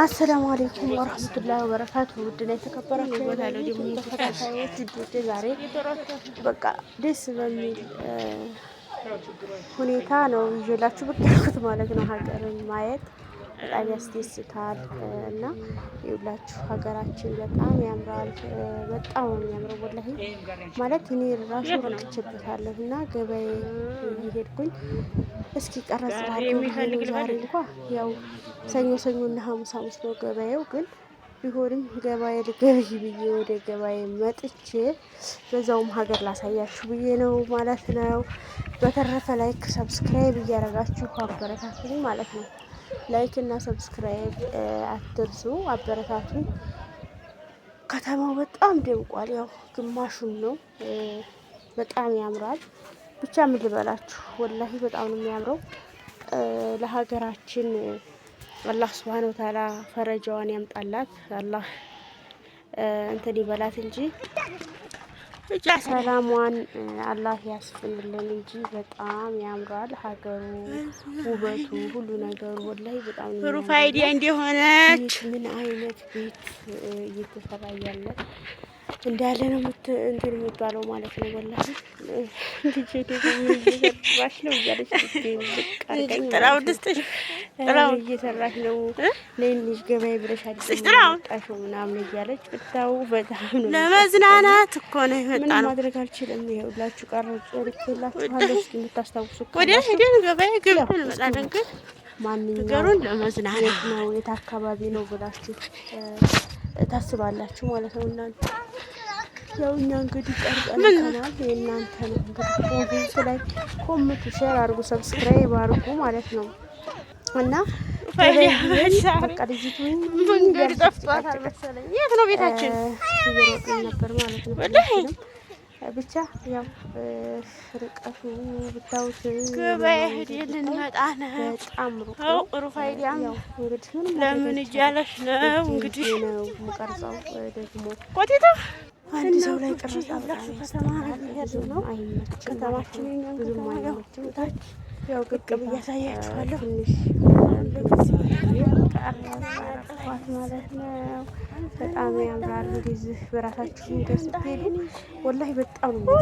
አሰላሙ አለይኩም ወራህመቱላሂ ወበረካቱ። ውድ ላይ የተከበራችሁ ተከታታዮች ውድ ዛሬ በቃ ደስ በሚል ሁኔታ ነው ይዤላችሁ ብቅ ያልኩት ማለት ነው ሀገርን ማየት በጣም ያስደስታል እና ይኸውላችሁ ሀገራችን በጣም ያምራል። በጣም ነው የሚያምረው ወላሂ ማለት እኔ ራሱ ረክችበታለሁ እና ገበያ እየሄድኩኝ እስኪ ቀረጽ ዛሬ እንኳ ያው ሰኞ ሰኞ እና ሀሙስ ሀሙስ ነው ገበያው ግን ቢሆንም ገበያ ልገበይ ብዬ ወደ ገበያ መጥቼ በዛውም ሀገር ላሳያችሁ ብዬ ነው ማለት ነው። በተረፈ ላይክ ሰብስክራይብ እያደረጋችሁ አበረታቱኝ ማለት ነው። ላይክ እና ሰብስክራይብ አትርሱ፣ አበረታቱኝ። ከተማው በጣም ደምቋል። ያው ግማሹን ነው፣ በጣም ያምራል። ብቻ ምን ልበላችሁ፣ ወላሂ በጣም ነው የሚያምረው ለሀገራችን አላህ ስብሃነ ወተዓላ ፈረጃዋን ያምጣላት። አላህ እንትን ይበላት እንጂ ሰላሟን አላህ ያስፍንልን እንጂ በጣም ያምራል ሀገሩ፣ ውበቱ፣ ሁሉ ነገሩ ወላሂ በጣም ሩፋይዲ እንደሆነች ምን አይነት ቤት እየተሰራ ያለ እንዳለ ነው እንትን የሚባለው ማለት ነው። ወላሂ ልጄ ደግሞ ምን ነው እያለች ጥራው ደስተሽ ጥላውን እየሰራሽ ነው ለእንሽ ገበያ ብለሽ አዲስ ጥላውን ጣሽው ምናምን እያለች ብታው በጣም ነው። ለመዝናናት እኮ ነው የመጣ ነው። ማድረግ አልችልም። ይኸውላችሁ ቀረጽ ልክላችኋለሁ። እስኪ የምታስታውሱ ወደ ሄደን ገበያ ገብተን መጣደን ግን ማንኛውም ለመዝናናት ነው የት አካባቢ ነው ብላችሁ ታስባላችሁ ማለት ነው እናንተ ያው እኛ እንግዲህ ቀርጸንናል። የእናንተ ነው እንግዲህ ላይ ኮምቱ፣ ሼር አድርጉ፣ ሰብስክራይብ አድርጉ ማለት ነው። እና መንገድ ጠፍቷታል መሰለኝ። የት ነው ቤታችን? ነበር ማለት ነው። ብቻ ያው ርቀቱ ብታዩት ገበያ ሄደን ልንመጣ ነው። በጣም ሩቅ ሩፋይዲያ እንግዲህ ለምን እያለሽ ነው? እንግዲህ ነው የምቀርጸው ደግሞ ቆቲቶ አንድ ሰው ላይ ቅርጻ በጣም ያስጠላል። አይመችም ከተማችን ብዙም አይመችም ታች ያው ቅቅብ እያሳያችኋለሁ ትንሽ ማለት ነው። በጣም ያምራል። እንደዚህ በራሳችሁ ገዝትሄዱ ወላሂ በጣም ነው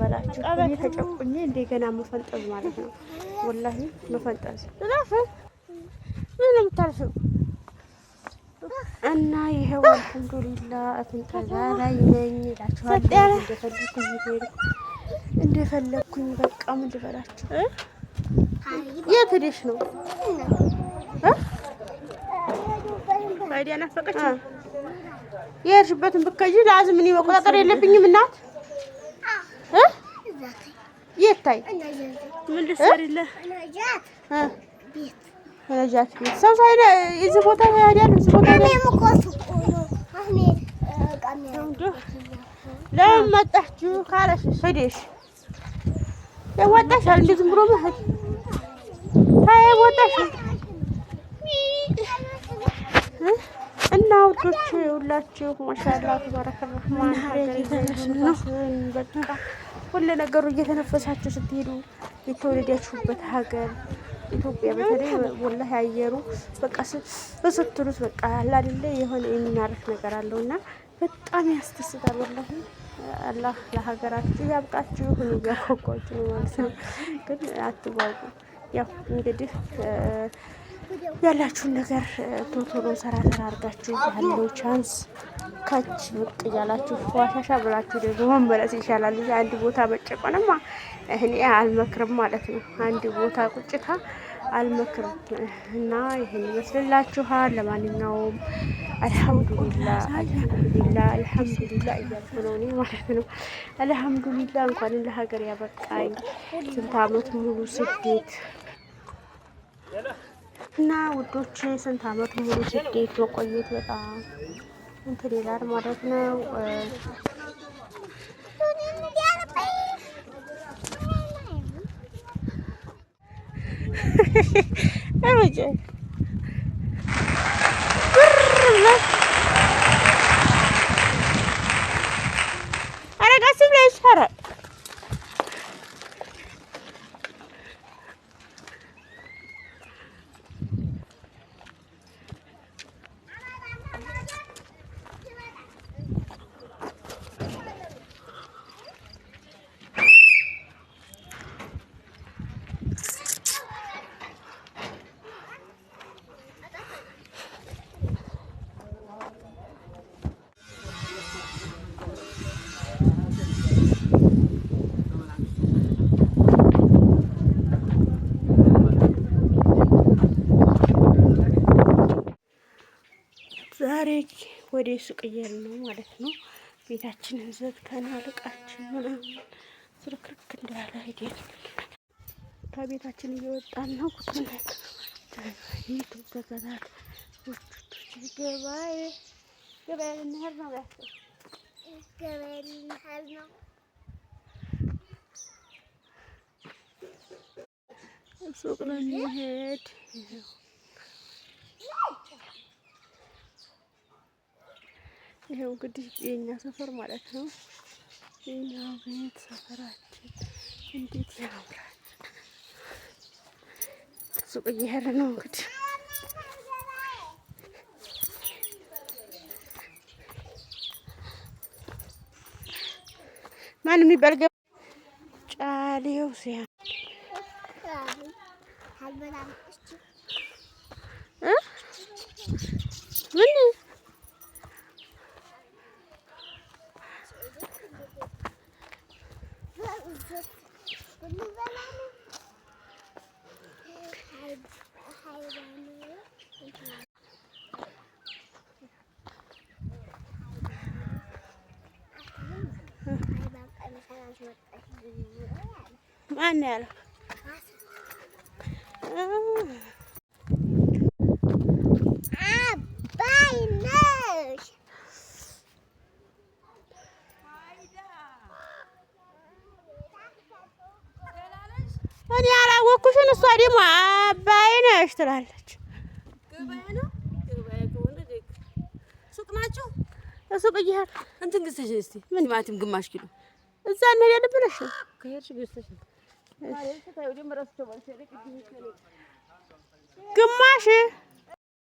በላችሁ እኔ ተጨቁኜ እንደገና መፈንጠዝ ማለት ነው። ወላሂ መፈንጠዝ ምን የምታልፊው እና ይኸው አልሐምዱሊላ ፍንጠዛ ላይ ነኝ እላችኋለሁ እንደፈልኩ ሄዱ እንደፈለግኩኝ በቃ ምን ልበላችሁ። የት ሄደሽ ነው? አይዲያ ናፈቀች። የሄድሽበትን ብትከጂ ለአዝም እኔ መቆጣጠር የለብኝም እናት። የት ምን ልትሰሪለት ነጃት ቤት ሰው ሳይደ እዚህ ቦታ ያያል እዚህ ቦታ ለምን መጣችሁ ካለሽ ሄደሽ ያዋጣሻል። እንደ ዝም ብሎ መሄድ ታይ ያዋጣሻል። እና ውዶች ሁላችሁ ማሻላ ተባረከ ረህማን በቃ ሁሉ ነገሩ እየተነፈሳችሁ ስትሄዱ የተወለዳችሁበት ሀገር ኢትዮጵያ በተለይ ወላሂ አየሩ በቃ በስትሉት በቃ አለ አይደለ የሆነ የሚናረፍ ነገር አለውና በጣም ያስደስታል ወላሂ አላህ ለሀገራችሁ ያብቃችሁ። እኔ እያጓጓችሁ ነው ማለት ነው፣ ግን አትጓጉ። ያው እንግዲህ ያላችሁን ነገር ቶቶሎ ሰራ ሰራ አድርጋችሁ ያለው ቻንስ ከች ብቅ እያላችሁ ዋሻሻ ብላችሁ ደግሞ መንበረስ ይሻላል። አንድ ቦታ መጨቆንማ እኔ አልመክርም ማለት ነው። አንድ ቦታ ቁጭታ አልመክርም እና ይህን ይመስልላችኋል። ለማንኛውም አልሐምዱሊላ አልሐምዱሊላ አልሐምዱሊላ እያልኩ ነው እኔ ማለት ነው። አልሐምዱሊላ እንኳንም ለሀገር ያበቃኝ ስንት አመት ሙሉ ስደት እና ውዶች ስንት አመት ሙሉ ስደት መቆየት በጣም እንትን ይላል ማለት ነው። There we go. ሄጅ ወደ ሱቅ እየሄድን ነው ማለት ነው። ቤታችንን ዘግተን አልቃችን ምናምን ስርክርክ እንዳለ ሄደን ከቤታችን እየወጣን ነው። ኩትነት ይቱ ገዛዛት ገባይ ገበያ ልንሄድ ነው ያቸው ገበያ ልንሄድ ነው። ሱቅ ልንሄድ ይሄው እንግዲህ የኛ ሰፈር ማለት ነው። የኛ ቤት ሰፈራችን እንዴት ያምራል! ሱቅ እየሄደ ነው እንግዲህ ማን የሚባል ገ ጫሌው ሲያ ምን Bunu ben ah. እሷ ደግሞ አባይ ነሽ ትላለች። ሱቅ ናችሁ? ሱቅ እየሄድኩ እንትን ግዝተሽ እስኪ ምን ማለትም ግማሽ ኪሎ እዛ እንሄዳለን ብለሽ ግማሽ